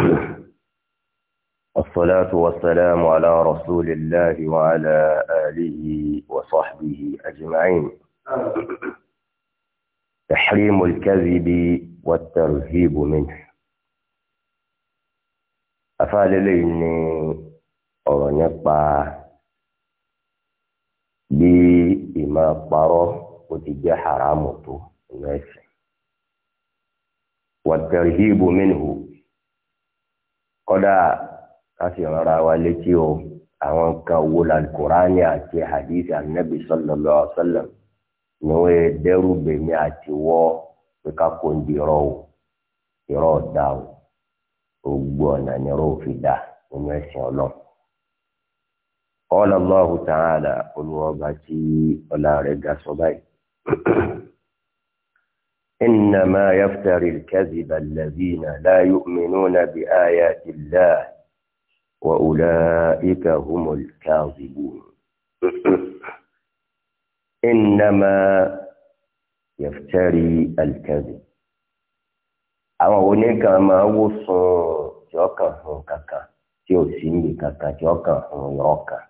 الصلاة والسلام على رسول الله وعلى آله وصحبه أجمعين تحريم الكذب والترهيب منه أفعل ni ọ̀rọ̀ nípa bí أكبر parọ́ ó والترهيب منه kọ́dà káfí rárá wa létí o àwọn nǹkan wo làlùkùránì àti hadith anabi sallallahu alaihi wasallam ni wọ́n dẹ́rù bèmí àti wọ́ pé ká kó ń di irọ́ o irọ́ ọ̀dà o gbogbo ọ̀nà ni irọ́ òfin dà nínú ẹ̀sìn ọlọ́run. Qala Allahu ta'ala olùwọ́ba tí ọlá rẹ̀ ga إنما يفتري الكذب الذين لا يؤمنون بآيات الله وأولئك هم الكاذبون إنما يفتري الكذب àwọn oníkan máa wò sùn tí ọkàn hàn kankan tí ò sí ní kankan tí ọkàn hàn ọkàn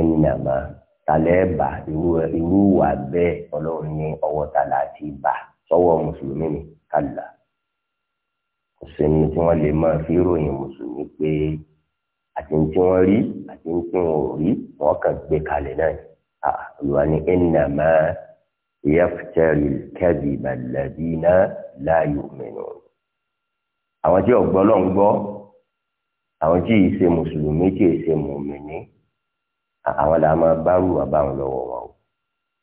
إنما talẹ́ bá irú wà bẹ́ẹ̀ ọlọ́run ní ọwọ́ ta láti bá a sọ́wọ́ mùsùlùmí ni kàlà kò sẹ́ni tí wọ́n lè máa fi ròyìn mùsùlùmí pé àti ní tí wọ́n rí àti ní tí wọ́n ò rí wọ́n kàn gbé kalẹ̀ náà ni àlùwà ni ẹnìnà máa yẹ́fùtẹ́rì kẹ́bì bàlẹ́bí náà láàyò mìíràn àwọn tí ọ̀gbọ́n lọ́n gbọ́ àwọn tí ìṣe mùsùlùmí tí ìṣe mùmìnì àwọn làá máa bá rúwà báwọn lọ́wọ́ wọn o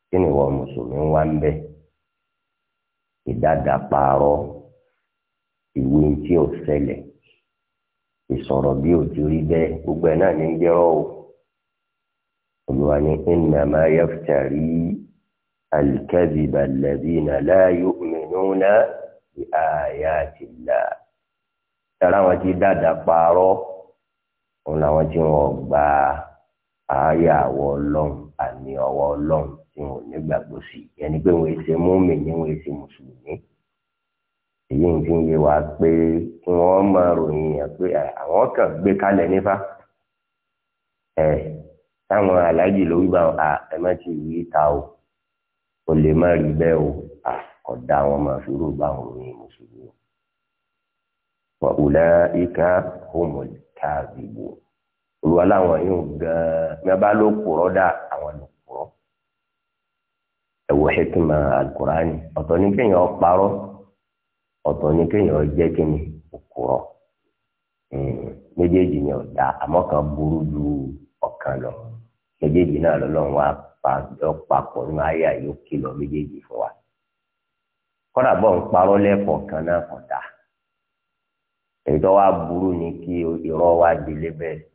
kí ni ìwọ mùsùlùmí wá ń bẹ́ẹ̀ ìdáda paarọ́ ìwé tí ò ṣẹlẹ̀ ìsọ̀rọ̀ bí ò ti rí bẹ́ẹ̀ gbogbo ẹ̀ náà ní jẹ́rọ̀ o olùwà ní innama yaftari al-kadhiba alladhina la yu'minuna bi ayati llah tara wọn ti dáda òun làwọn tí wọn gba ààyè àwọ̀ ọlọ́run àmì ọwọ́ ọlọ́run tí ò ní gbàgbọ́ sí i yẹn ni pé wọn èsè mọ́mì ni wọn èsè mùsùlùmí èyí ń fi ń yé wa pé kí wọ́n máa ròyìn yẹn pé àwọn kan gbé kalẹ̀ nífa ẹ táwọn aláàjì ló wí bá a ẹ má ti wí ta o o lè má rí bẹ́ẹ̀ o àkọ́dá wọn máa fi rú bá àwọn ròyìn mùsùlùmí wa ulaika humul kadhibun olùwàlà àwọn yóò gan-an bí wọ́n bá ló kúrọ́ dá àwọn lò. ẹ̀wọ̀ hekima alukurani ọ̀tọ̀ ní kéèyàn parọ́ ọ̀tọ̀ ní kéèyàn jẹ́ kíni òkúrọ̀ méjèèjì ni ọ̀dà àmọ́ kan burú ju ọ̀kan lọ méjèèjì náà lọ́lọ́run wá pàjọ papọ̀ méjèèjì fún wa bọ́ ń parọ́ lẹ́kọ̀ọ́ kan náà èyí tó wá burú ni kí irọ́ wá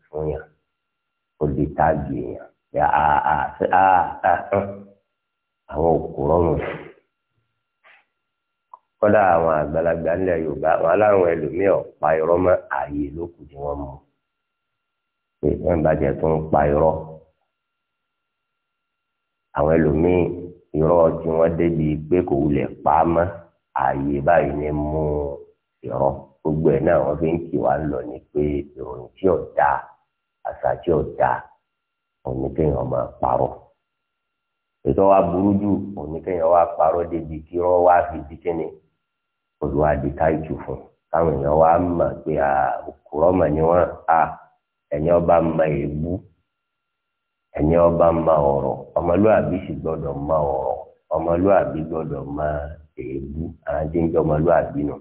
fún yàn ó di táàgì yàn yà á á á àwọn òkú rọrùn kọ́dà àwọn àgbàlagbà ńlẹ̀ yorùbá àwọn aláwọn ẹlòmíì ọ̀pá irọ́ mọ́ ààyè ló kù tí wọ́n mú pé wọ́n bàjẹ́ tó ń pa irọ́ àwọn ẹlòmíì irọ́ tí wọ́n débi pé kò wulẹ̀ pa á mọ́ ààyè báyìí ni mú irọ́ gbogbo ẹ̀ náà wọ́n fi ń kì wá lọ ni pé ìròyìn tí ò dáa àṣà tí ò dáa òun ni kéèyàn máa parọ́ ètò wa burú jù òní kéèyàn wá parọ́ débi kí wọ́n wá fi di kíni olùwádìí táìtù fún káwọn èèyàn wá mọ̀ pé òkúrọ́ mọ̀ ni wọ́n a ẹ̀yìn ọba mọ èébú ẹ̀yìn ọba mọ ọ̀rọ̀ ọmọlúwàbí sì gbọ́dọ̀ mọ ọ̀rọ̀ ọmọlúwàbí gbọ́dọ̀ mọ èébú àwọn tí ń jẹ́ ọmọlúwàbí nù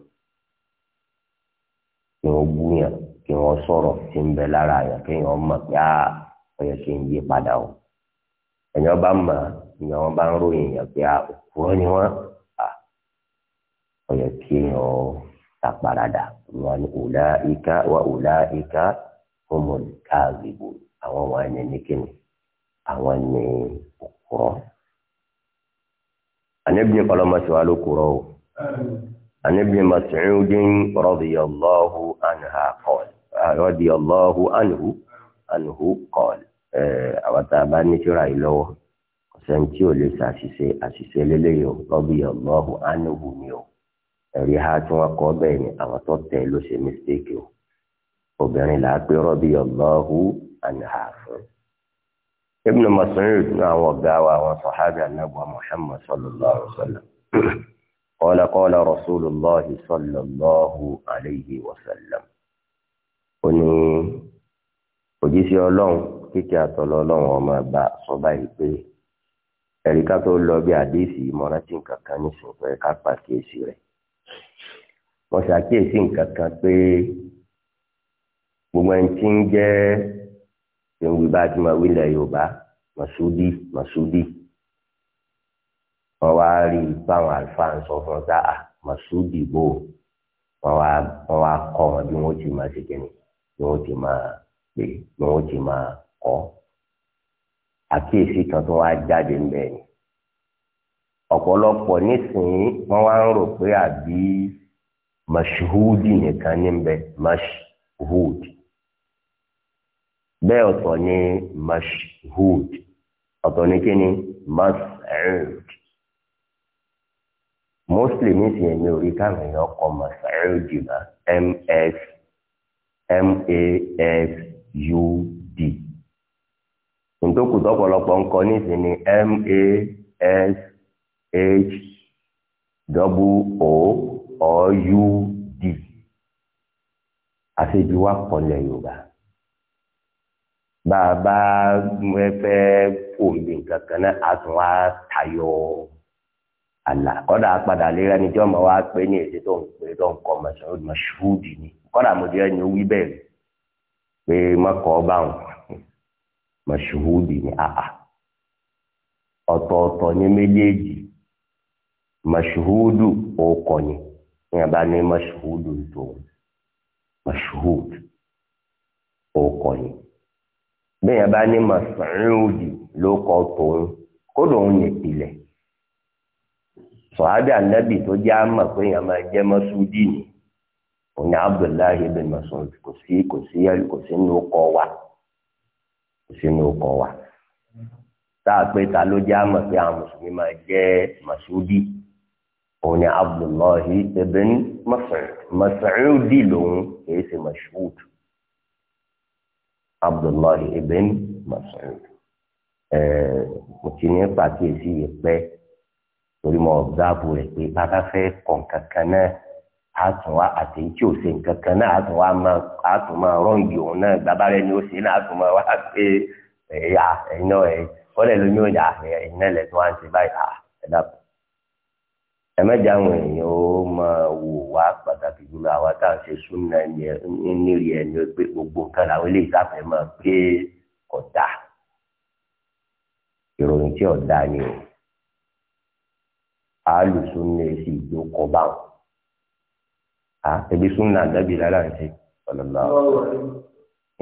kí wọ́n bú yàn kí wọ́n sọ̀rọ̀ tí ń bẹ lára yàn kí wọ́n mọ̀ pé a ó kí n yí padà o ẹ̀yìn ọba mọ̀ ìyẹn wọn bá ń ròyìn èèyàn pé òpùrọ́ ni wọ́n ọ̀yẹ̀ kí èèyàn taparadà wọn ni ọ̀là ìka wa ọ̀là ìka humul kaazibun àwọn wọn ni nìkíni àwọn ni òpùrọ́. àníbi kọlọmọsí wa ló kúrọ o àníbi Mas'udin radiyallahu anha qala radiyallahu anhu anhu qala àwọn tá a bá ní tíra yìí lọ́wọ́ sẹ́ni tí ò lè ṣàṣìṣe àṣìṣe lélẹ́yìí o lọ́bí ọlọ́hu ánìwù ni o ẹ̀rí ha tí wọ́n kọ́ bẹ́ẹ̀ ni àwọn tó tẹ̀ ló ṣe mistake o obìnrin là á pé rọ́bí ọlọ́hu àníhà fún. Ibn Mas'ud ní àwọn ọ̀gá wa àwọn sọ̀hábì anábọ̀ Muhammad sallallahu alayhi wa sallam qala qala rasulullahi sallallahu ní òjíṣẹ́ ọlọ́run kíkẹ́ àtọ́lọ́ ọlọ́run ọmọ ẹ̀bá sọ báyìí pé ẹ̀rí ká tó lọ bí àdéhìsì ìmọ̀rántí nǹkan kan nísìnyí pé ká pàkíyèsí rẹ̀ wọ́n ṣàkíyèsí nǹkan kan pé gbogbo ẹni tí ń jẹ́ ìwé bá ti máa wílẹ̀ yorùbá mọ̀súdí mọ̀súdí wọ́n wá rí báwọn àlùfáà ń sọ fún ọ sáà mọ̀súdí bò wọ́n wá wọ́n kọ́ wọn bí wọ́n ti máa ṣe kíni bí wọ́n ti máa pè bí wọ́n ti máa kọ́ àkíyèsí kan tó wáá jáde ń bẹ̀ ni ọ̀pọ̀lọpọ̀ nísìnyí wọ́n wá ń rò pé àbí mashhudi nìkan ní bẹ bẹ́ẹ̀ ọ̀tọ̀ ni mashhud ọ̀tọ̀ ni kí ni mas'ud mùsùlùmí sì ń orí káwọn èèyàn nítòkù tọ́pọ̀lọpọ̀ nkọ n'isi n'i m a s h o o u d àṣejù wa pọ̀lẹ̀ yorùbá bàbá fẹ́ fòmìnì kankan náà a tún wá tayọ àlà kọ́dà padà léra ní jọ́mọ wa pé ní èdè tó ń pè tó ni wí bẹ́ẹ̀ mọ̀ṣúhùdì ni ní àbá ní mọ̀ṣúhùdù mashuhudu mọ̀ṣúhùdù ọkọ̀ ni bẹ́ẹ̀ bá ní mọ̀ṣúhùdì ló kọ́ tòun kódò òun ní ìpìlẹ̀ tó jẹ́ àmọ̀ pé èèyàn máa wa. sínú ọkọ̀ wa tá a pé ta ló jẹ́ àmọ̀ pé àwọn mùsùlùmí máa jẹ́ màṣúdì òun ni abdullahi ibn mas'udi lòun kìí ṣe mashhud abdullahi ibn mas'ud mo ti ní pàkíyèsí yìí pẹ́ torí mo ọ̀gáàbù rẹ̀ pé bàbá fẹ́ kàn kankan náà àtúnwá àti tí ò ṣe nǹkan kan náà àtúnwá máa àtúnwá rọ́ǹgì òun náà bàbá rẹ ni ó ṣe náà àtúnwá wá pé ẹ̀yà ẹ̀yin náà ẹ̀ kọ́lẹ̀ lómi òyà ẹ̀yin náà lẹ̀ tó wá ń ṣe báyìí ẹ̀ dàpọ̀. ẹ mẹ́jọ àwọn èèyàn ó máa wò wá pàtàkì jùlọ àwa tá à ń ṣe súnà nírí ẹ̀ ni ó pé gbogbo nǹkan làwọn ilé ìsàfẹ́ máa pé ọ̀dà ìròyìn tí ọ̀dà ni o àlùsùn ní èsì ìjókòó báwọn. a ah, ebi sunna anabi lára ń ṣe ọlọlọ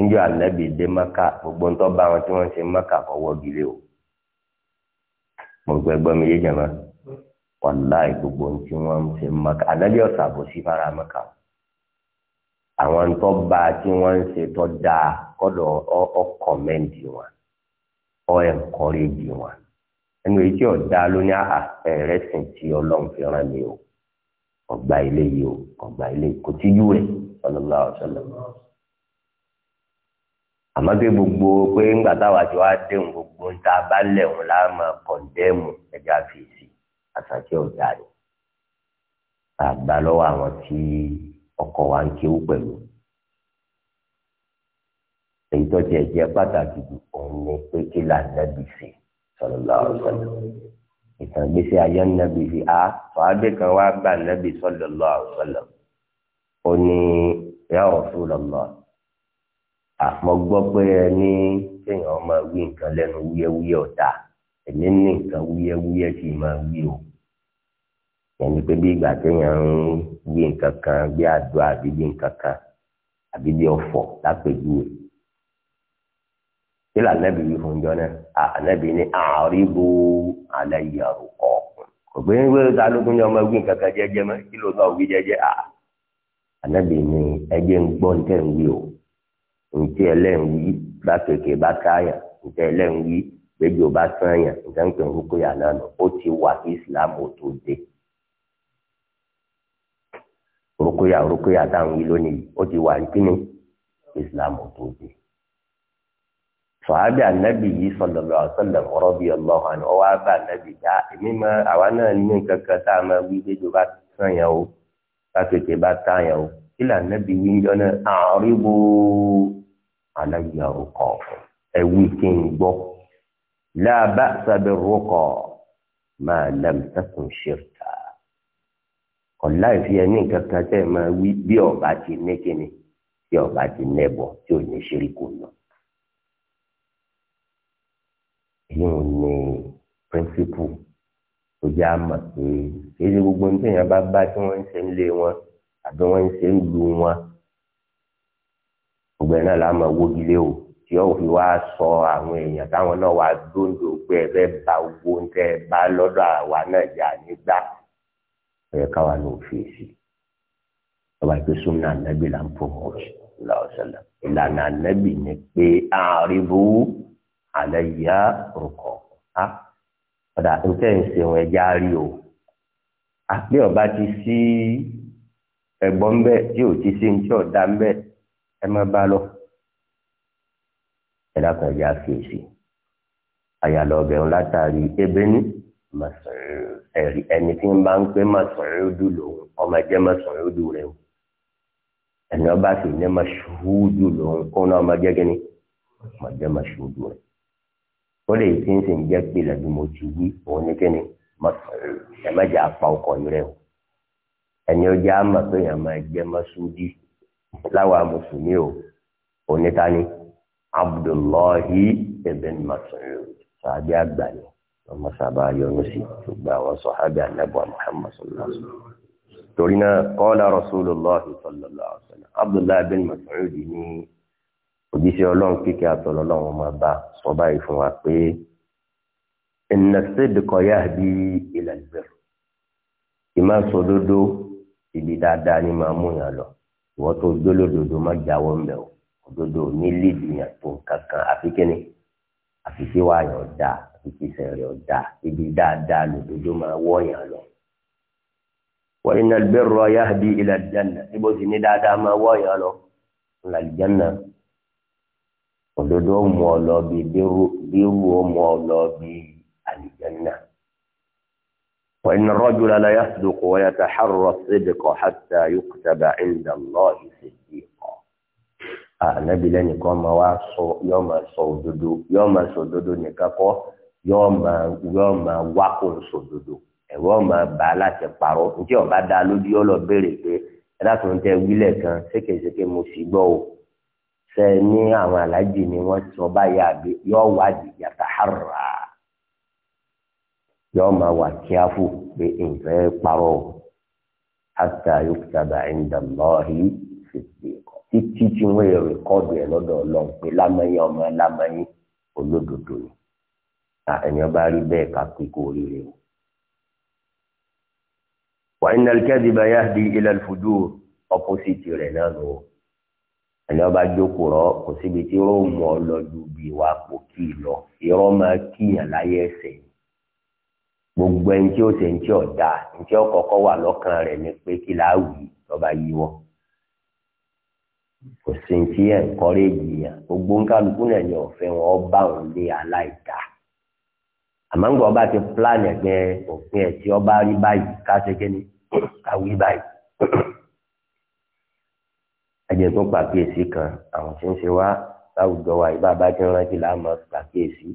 níjọ anabi dé maka gbogbo ńtọ́ bá wọn tí wọ́n ṣe maka ọwọ gilé o mo gbọ́ ẹgbọ́n mi yé jẹ́ máa gbogbo tí wọ́n ń maka anabi ọ̀sà bò sí fara maka àwọn ńtọ́ bá tí wọ́n ń ṣe tọ́ dáa kọ́dọ̀ ọ kọ́mẹ́ǹtì wọn ọ ẹ̀ńkọ́rẹ́jì wọn ẹnu èyí tí ọ̀dá ló ní àhà ẹ̀rẹ́sìn tí ọlọ́run fi rán mi o. ọgbà ilé yìí o ọgbà ilé kò tí yú rẹ̀ sallallahu alaihi wasallam. àmọ́ pé gbogbo pé ńgbà táwa ti wá déhùn gbogbo ń ta abálẹ̀ òun la máa kọ̀ndẹ́mù ẹja fèsì àsàkí ọ̀dà rẹ̀. àgbà lọ́wọ́ àwọn tí ọkọ̀ wa ń kéwú pẹ̀lú. èyí tó tiẹ̀ jẹ́ pàtàkì òun ni pé kí làǹdà bì sí sallallahu alaihi wasallam ìtàn gbèsè ayé nàbì fi a fàábẹ kan wá bá nàbì sallallahu alaihi wasallam ó ní ya Rasulullah àmọ́ gbọ́ pé ẹ ní kéèyàn máa wí nǹkan lẹ́nu wúyẹ́wúyẹ́ ọ̀tá èmi ní nǹkan wúyẹ́wúyẹ́ kì í máa wí o yẹnni pé bí ìgbà téèyàn ń wí nǹkan kan bí àdúrà àbí bí nǹkan kan àbí bí ọ̀fọ̀ lápèjúwe kí là nẹ́bí wí fún jọ náà ànẹ́bí ní àríbó aláyàrú ọ̀kùn kò gbé ń wéyọ̀ sálógún ní ọmọ ẹgbẹ́ kankan jẹ́jẹ́ mọ́ kí ló náà wí jẹ́jẹ́ à ànẹ́bí ní ẹjẹ́ ń gbọ́ ní tẹ̀ ń wí o ntí ẹlẹ́yìn wí bá kéèké bá káyà ntí ẹlẹ́yìn wí gbẹ́jọ bá sànyà ntí ń pè ń kókó yà náà ó ti wà kí Islam ò tó dé rúkúyà rúkúyà táwọn wí lónìí ó ti wà ní kíni Islam ò tó dé sọ̀hábì ànábì yìí sallallahu alaihi wasallam radiyallahu anhu ọwọ́ abá ànábì dá èmi mọ àwa náà ní nǹkan kan tá a máa wí déjò bá tán yẹn o bá tètè bá tán yẹn o kí là ànábì wí ń jọ́nà àríwó aláya ọkọ̀ ẹ̀wí kí n gbọ́ la ba'sa bir-ruqa ma lam takun ọ̀la ìfi ẹni nǹkan kan tẹ́ máa wí bí ọ̀bá ti ní kíni bí ọ̀bá ti nẹ́bọ̀ tí ò ní ṣeríkù náà. náà ní píríncípù tó jẹ́ àmọ̀ pé èyí gbogbo nítorí yẹn bá bá tí wọ́n ń ṣe ń lé wọn àbí wọ́n ń ṣe ń lu wọn gbogbo ẹ̀ náà láàmú wógilé o tí ó fi wá sọ àwọn èèyàn táwọn náà wá dóńdó pé ẹ fẹ́ ba owó ń tẹ́ bá lọ́dọ̀ àwa náà jà nígbà ẹ̀ káwa ní òfìsì ọba ìpè súnmọ́ ànábì là ń pọ̀ mọ́ ọ̀sẹ̀ ìlànà ànábì ni pé àríbú àlàyé rúkọ á padà nǹkan ìṣe wọn ẹja rí o àbí ọba ti sí ẹ̀gbọ́n bẹ tí ò ti sí ní ọdá ń bẹ ẹ má bá lọ ẹ dákun ẹja fèsì àyàlọ ọbẹ òun látàrí ebéní ẹ̀rí ẹni tí ń bá ń pé màsùnrúdù lòun ọmọ jẹ́ màsùnrúdù rẹ o ẹni ọba sì ní màsùnrúdù lòun kó náà ọmọ jẹ́ kínní ọmọ jẹ́ màsùnrúdù rẹ kódà èyí tí ń sìn jẹ́ pé lẹ́bi mo ti wí òun ní kíni ẹ má jẹ́ apá ọkọ̀ rẹ o ẹni ọjà àmà pé èèyàn máa jẹ́ mọ́súdí láwa mùsùlùmí o onítàní Abdullahi ibn Mas'ud sàbí àgbàní ọmọ sábà yọnu sí gbogbo àwọn sọ̀hábì anábọ̀ Muhammad sallallahu alaihi wasallam torí náà qala Rasulullah sallallahu alaihi wasallam Abdullahi ibn Mas'ud ní òjíṣẹ́ ọlọ́run kíkẹ́ àtọ̀lọ́lọ́run máa bá a sọ báyìí fún wa pé inna sidqa yahdi ila albir ìmọ̀ sódodo ibi dáadáa ni máa mú yàn lọ ìwọ́n tó gbólódodo má jáwọ́ ń bẹ̀ o òdodo ní lídìí yàn tó kankan àfi kíni àfi kí wàá yàn dá àfi kí sẹ̀rẹ̀ yàn dá ibi dáadáa lòdodo máa wọ́ yàn lọ. wa inna albirra yahdi ila aljanna ibo sì ní dáadáa máa wọ́ yàn lọ ńlá aljanna. òdodo ọmọ ọlọ́bi bírú ọmọ ọlọ́bi àlìjánná. وإن الرجل لا يصدق ويتحرى الصدق حتى يكتب عند الله صديقا ànábi lẹ́nìkan máa wá sọ yọ́ máa sọ òdodo yọ́ máa sọ òdodo nìkan kọ́ yọ́ ma sọ òdodo ẹ̀rọ láti ọba lójú pé ẹ ṣe ní àwọn alájì ni wọ́n sọ báyà àbí yọ wádìí yàtà hàrà yọ máa wà kíáfù pé nǹkan ẹ parọ́ hàtà yuktaba inda Allahi fìdí títí tí wọ́n yẹ rẹ́kọ́dù ẹ̀ lọ́dọ̀ ọlọ́run pé lámẹ́yìn ọmọ lámẹ́yìn olódodo ni ẹni ọba rí bẹ́ẹ̀ ká pé kó rere o. wa inna al-kadhiba yahdi ila al-fujur opposite rẹ̀ náà nù ẹni ọba jókòó rọ kò síbi tí róòmù ọlọ́dún bí wàá pò kí i lọ irọ́ máa kíyàn láyé ẹsẹ̀ gbogbo ẹni tí ó ṣe ń tí ọ̀dà ń tí ọkọ̀ọ̀kọ̀ wà lọ́kàn rẹ̀ ni pé kí láà lọ́ba yíwọ́ kò sí yàn gbogbo náà bá lé ọba ti òfin ẹ̀ ọba rí báyìí ká ṣe ẹjẹ tó pàkíyèsí kan àwọn tí ń ṣe wá láwùjọ wa ìbá bá ti rántí láàmú pàkíyèsí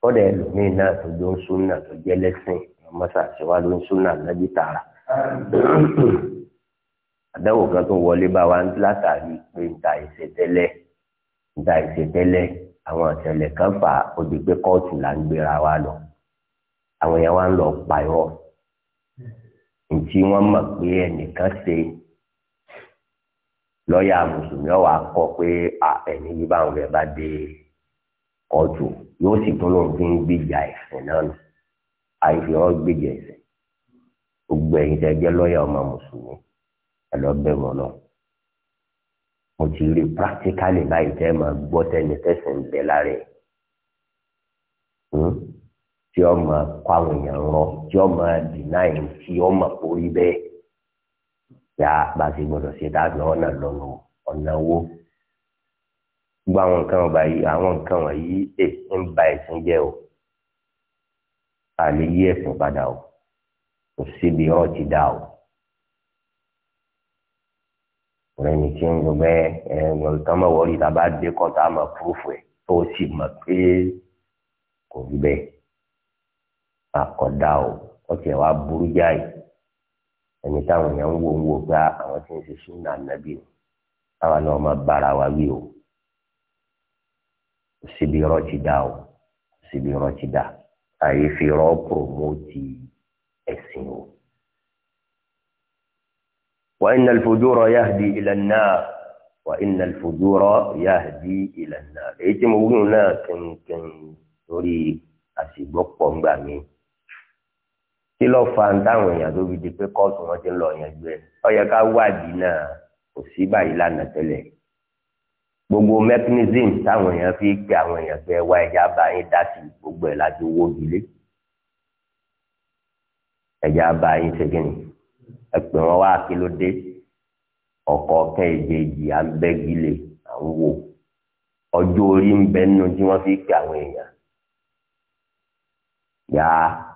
kọ́dà ẹlòmíín náà tó ló ń súnà tó jẹ́ lẹ́sìn ọmọṣàṣẹ wa ló ń súnà lẹ́bí tààrà àdáwò kan tó wọlé bá wa látàrí pé nta ìṣètẹ́lẹ̀ nta ìṣètẹ́lẹ̀ àwọn ìṣẹ̀lẹ̀ kan fà ó di pé kóòtù là ń gbéra wa lọ àwọn yẹn wá ń lọ pààyọ ntí wọ́n mọ̀ pé ẹnìkan ṣe lọ́ọ̀yà mùsùlùmí ọ̀wà kọ pé ẹ̀mí yìí báwọn bẹ̀ bá dé kóòtù yóò sì tún lóun fi ń gbèjà ẹ̀sìn náà nù àìfi gbèjà ẹ̀sìn gbogbo ẹ̀yin tẹ́ jẹ́ lọ́ọ̀yà ọmọ mùsùlùmí ẹ lọ mo ti rí practically báyìí tẹ́ máa gbọ́ tẹ́ni tẹ́sán bẹ̀ lára ẹ̀ hmm? tí ọ máa kọ́ àwọn èèyàn rọ tí ọ máa dìnnáì tí ọ máa porí bẹ́ẹ̀ yà á bá ṣe gbọdọ̀ ṣe dáàbò ọ̀nà lọ́nà ọ̀nà owó gbogbo àwọn nǹkan wọ̀nyí àwọn nǹkan wọ̀nyí ẹ̀ ń ba ẹ̀sìn jẹ́ o a lè yí ẹ̀sìn padà o kò síbi ọ̀rọ̀ ti dá o ọ̀rẹ́ mi ti ń lọ bẹ́ẹ̀ ẹ̀ ń tán mọ̀ wọ́ọ́rì tá a bá dé kọ́ tá a mọ̀ púrúfù ẹ̀ tó o sì mọ̀ pé kò rí bẹ́ẹ̀ àkọ́dá o ó tiẹ̀ wá burú jáì ẹni táwọn èèyàn ń wò ń wò pé ah, àwọn tí ń ṣe súnà nàbí o káwa náà máa bára wa wí o síbi irọ́ ti dá o síbi irọ́ ti dá àyè fi irọ́ pòròmótì ẹ̀sìn o. وإن الفجور يهدي إلى النار وإن الفجور يهدي إلى النار èyí tí mo wúlò náà kìnkìn torí àṣìgbọ́pọ̀ ń gbà mí kí ló fa ń táwọn èèyàn tó fi di pé kóòtù wọn ti ń lọ yanjú ẹ ó yẹ ká wádìí náà kò sí báyìí lánàá tẹ́lẹ̀ gbogbo mechanism táwọn èèyàn fi pe àwọn èèyàn pé wá ẹja bá yín dá sí gbogbo ẹ̀ láti owó ìdílé ẹja bá yín ṣe ni ẹ pè wọn wá kí ló dé ọkọ kẹjẹjì à ń bẹgi lè à ń wò ọjọ́ orí ń bẹ nínú tí wọn fi pe àwọn èèyàn yá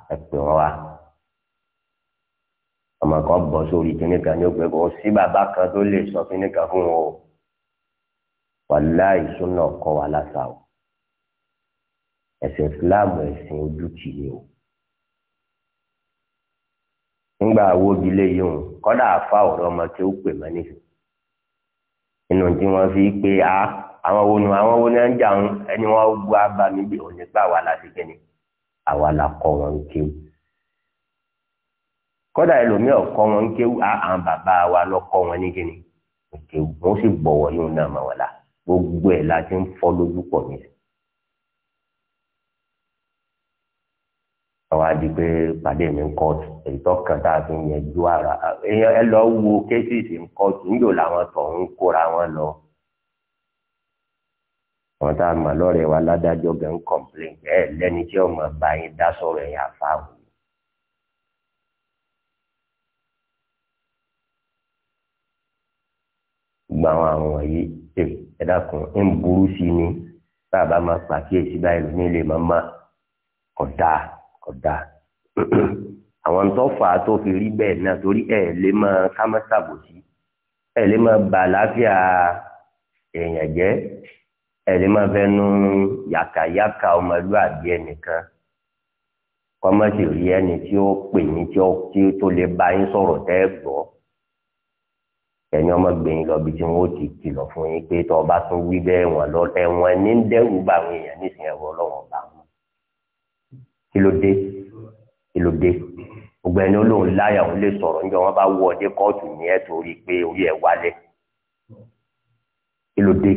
ẹ pè wọn wá ọmọ kan bọ̀ sórí kíní kan ní òpè kò sí bàbá kan tó lè sọ kíní kan fún wọn o wàláì súnà kọ́ wa lásà o ẹ̀sìn Islam ẹ̀sìn ojútì ni o nígbà awóbilé yìí o kọ́dà àfa ọ̀rọ̀ ọmọ tí ó pè mọ́ níbi inú tí wọ́n fi pé a àwọn wo ni àwọn wo ni à ń ẹni wọ́n gbọ́ abami bí òní gbà wà lásìkẹ́ni àwa la kọ́ wọn kéwù kódà ẹlòmíì ọkọ wọn kéwù àwọn bàbá wa lọkọ wọn ní kíni kéwù wọn sì gbọ́wọ́ yóò náà mà wọlá gbogbo ẹ la ti ń fọ lójú pọ ní ẹ. àwọn adi pé pàdé mi ń kóòtù èyí tó kàn tá a fi yẹn ju ara ẹ lọ wo kéṣìṣì ń kóòtù ń yò láwọn tó ń kóra wọn lọ wọn tá a mà lọrẹ wa ládájọ́ gẹ ń kọ̀m̀plé ẹ lẹ́ni tí ọmọ bá yín dá sọ̀rọ̀ ẹ̀yà fáwọn. àwọn àrùn wọ̀nyí ẹ dákun ń burú sí ni tá a bá máa pàkíyèsí báyìí lónìí lè máa má kódà kódà àwọn tó fà á tó fi rí bẹ́ẹ̀ náà torí ẹ̀ lè máa ká má ṣàbòsí ẹ̀ lè máa bà láfíà èèyàn jẹ́ ẹ̀ lè máa fẹ́ nu yàkàyàkà ọmọlúwàbí ẹnìkan kọ́mọ́sì rí ẹni tí ó pè ní tí ó tó lè bá yín sọ̀rọ̀ tẹ́ gbọ́ ẹ̀yin ọmọ gbẹ̀yìn lọ bí tí wọ́n ti kìlọ̀ fún yín pé tó ọba tún wí bẹ́ẹ̀ wọ́n lọ ẹ̀wọ̀n ní ń dẹ́rù bá àwọn èèyàn nísìnyí ẹ̀wọ̀ ọlọ́wọ̀n bá wọn. kí ló dé kí ló dé gbogbo ẹni olóhùn láyà òun lè sọ̀rọ̀ níjọ́ wọn bá wọ ọdẹ kóòtù ní ẹ̀ torí pé orí ẹ̀ wálẹ̀ kí ló dé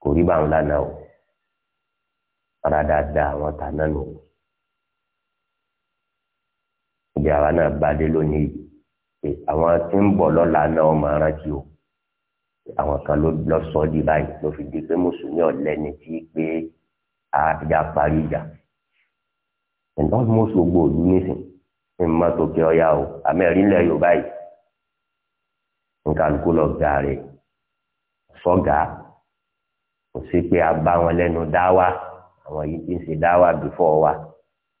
kò rí báwọn lánàá o rárá dáadáa àwọn tà náà nù jẹ́ àwa náà bá dé lónìí pé àwọn tí ń bọ̀ lọ́la náà máa rántí o àwọn kan ló lọ sọ ọ́ di báyìí ló fi di pé mùsùlùmí ọ̀lẹ́ni tí pé àjà parí ìjà ẹ̀ńtọ́ mú sògbò òdu nísìn ní mọ́tò kí ọ̀yà o àmẹ́rin ilẹ̀ Yorùbá yìí nǹkan kó lọ gàárè sọ́gà kò sí pé a bá wọn lẹ́nu dáwà àwọn yìí ti ń ṣe dáwà bífọ́ wa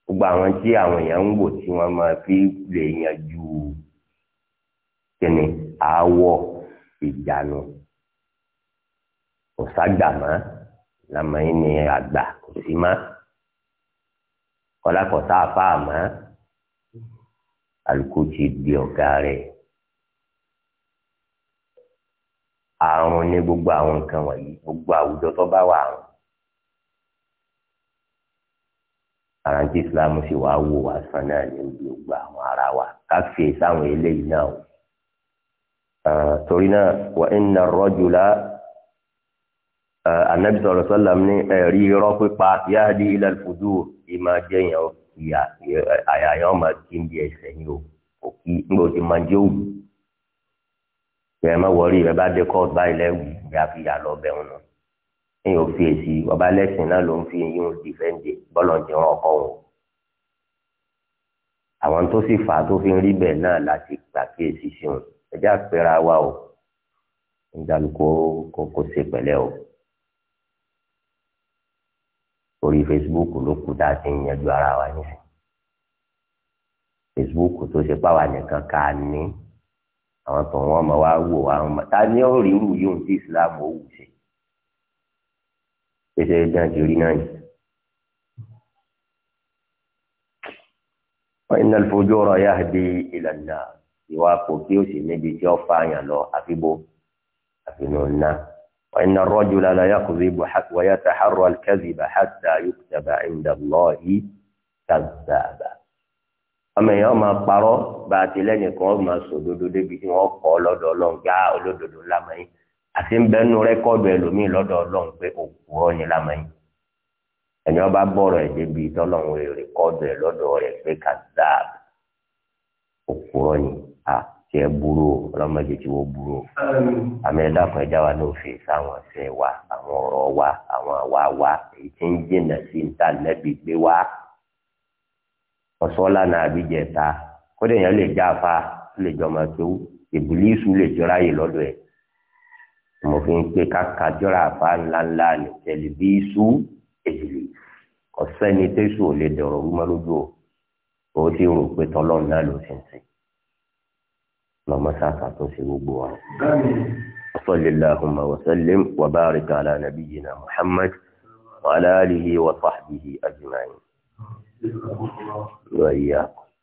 gbogbo àwọn tí àwọn èèyàn ń wò tí wọ́n máa fi lè yanjú kíni àáwọ̀ ìjánu kò ságbà mọ́ lamẹ́yìn ni àgbà kò sí mọ́ kọ́lá kò sá afá mọ́ àlùkò ti di ọ̀gá rẹ̀ àrùn ni gbogbo àwọn nǹkan wọ̀nyí gbogbo àwùjọ tó bá wà àrùn. àrántí ìsìláàmù sì wá wò wá sán náà ní gbogbo àwọn ará wa ká fi sáwọn eléyìí náà torí náà wà inna rajula anabi sọ̀rọ̀ sọ́là ní ẹ̀rí irọ́ pípa yáàdí ila al-fudur ìmọ̀ jẹ́yàn ìyá àyàyàn ọmọ kí n di ẹsẹ̀ yìí o kò kí nígbà tí máa jẹ́ òwú. ìyá ẹ̀ má wọrí ìyá kọ́ọ̀tù báyìí lẹ́wù ìyá fi yà lọ bẹ̀rù náà ẹ̀yin ò fi èsì ọba lẹ́sìn náà ló ń fi yín dìfẹ́ǹdì bọ́lọ̀ jẹ́ wọn ọkọ wọn. àwọn tó sì fà á tó fi ń rí bẹ́ẹ̀ náà láti gbàkíyèsí sí wọn ẹjẹ́ àpẹẹrẹ wa o ìdálùkọ kókó ṣe pẹ̀lẹ́ o. orí Facebook ló kù tá a ti ń yanjú ara wa nísìn Facebook tó ṣe pàwọ́ nìkan ká ní àwọn tó wọn mọ wá wò wá wọn mọ ta ni ó rí irú yóò ti Islam ó wù sí i ṣẹṣẹ dáa ti rí náà ni. wọ́n iná fojú ọ̀rọ̀ yá di ìlànà ìwà kò kí o sì níbi tí ó fa àyàn lọ àfibó àfinú ńlá. wọ́n iná rọ́jò lálá yá kò rí wáyà tàhárọ̀ alkẹ́zìbà hàtà yóò tàbà ìndà lọ́ọ̀hí tàbàbà. ọmọ èèyàn máa parọ́ bá a ti lẹ́nìkan máa sòdodo débi tí wọ́n kọ́ ọ lọ́dọ̀ ọlọ́run gbá ah, olódodo lámàá yìí àti ń bẹ nu rẹ́kọ́ọ̀dù ẹlòmíì lọ́dọ̀ ọlọ́run pé òpùrọ́ ni lámẹ́yìn ẹni ọba bọ̀rọ̀ ẹ̀ débi tọ́lọ́run rẹ́kọ́ọ̀dù ẹ̀ lọ́dọ̀ rẹ̀ pé kàdá òpùrọ́ ni a tí ẹ burú ọlọ́mọdé tí wọ́n burú àmì ẹ̀dá kan ẹ̀dá wa náà fi sáwọn ẹsẹ̀ wa àwọn ọ̀rọ̀ wa àwọn àwa wa èyí tí ń jìnnà sí níta lẹ́bi gbé wa ọ̀sọ́lá náà àbíjẹta kódé èèyàn lè já afá lè jọmọ tó ìbùlísù lè jọra yìí lọ́dọ̀ ẹ̀ mo fi ń pe kákàjọ́ra àbá ńláńlá ní tẹlifíṣù èjìlì ọ̀sẹ́ni tẹ́sù ò lè dọ̀rọ̀ wúmọ́ lójú o ó sì rò pé tọ́lọ́ náà ló ṣe ń sìn lọ́mọ sáfà tó gbogbo wa. وصل اللهم وسلم وبارك على نبينا محمد وعلى آله وصحبه أجمعين وإياكم